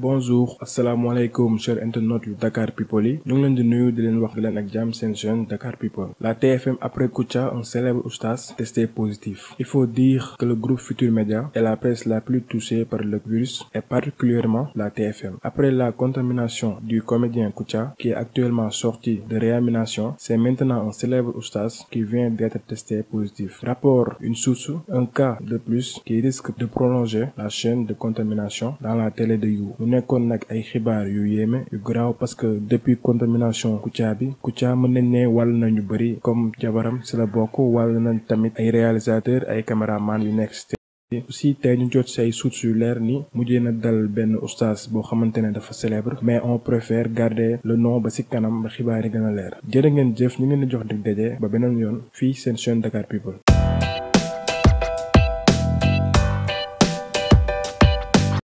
bonjour asalaamaaleykum chers internautes yu Dakar People yi ñu ngi leen di nuyu di leen wax di leen ak jàmm seen chaîne Dakar People la TFM après Kouthia un célèbre oustaz testé positif il faut dire que le groupe Futur Média est la presse la plus touchée par le virus et particulièrement la TFM après la contamination du comédien Kouthia qui est actuellement sorti de réanimation c'est maintenant un célèbre oustaz qui vient d'être testé positif rapport une source un cas de plus qui risque de prolonger la chaîne de contamination dans la télé de You nekkoon nag ay xibaar yu yéeme yu garaaw parce que depuis contamination Kouthia bi Kouthia mën nañ ne wàll na ñu bëri comme jabaram ci la bokk wàll nañ tamit ay réalisateur ay caméraman yu nekk si aussi tey ñu jot say sources yu leer ni mujjee na dal benn oustaz boo xamante ne dafa célèbre mais on préfère garde le nom ba ci kanam ba xibaar yi gën a leer jërë ngeen jëf ñu ngeen di jox di daje ba beneen yoon fii seen chaîne Dakar People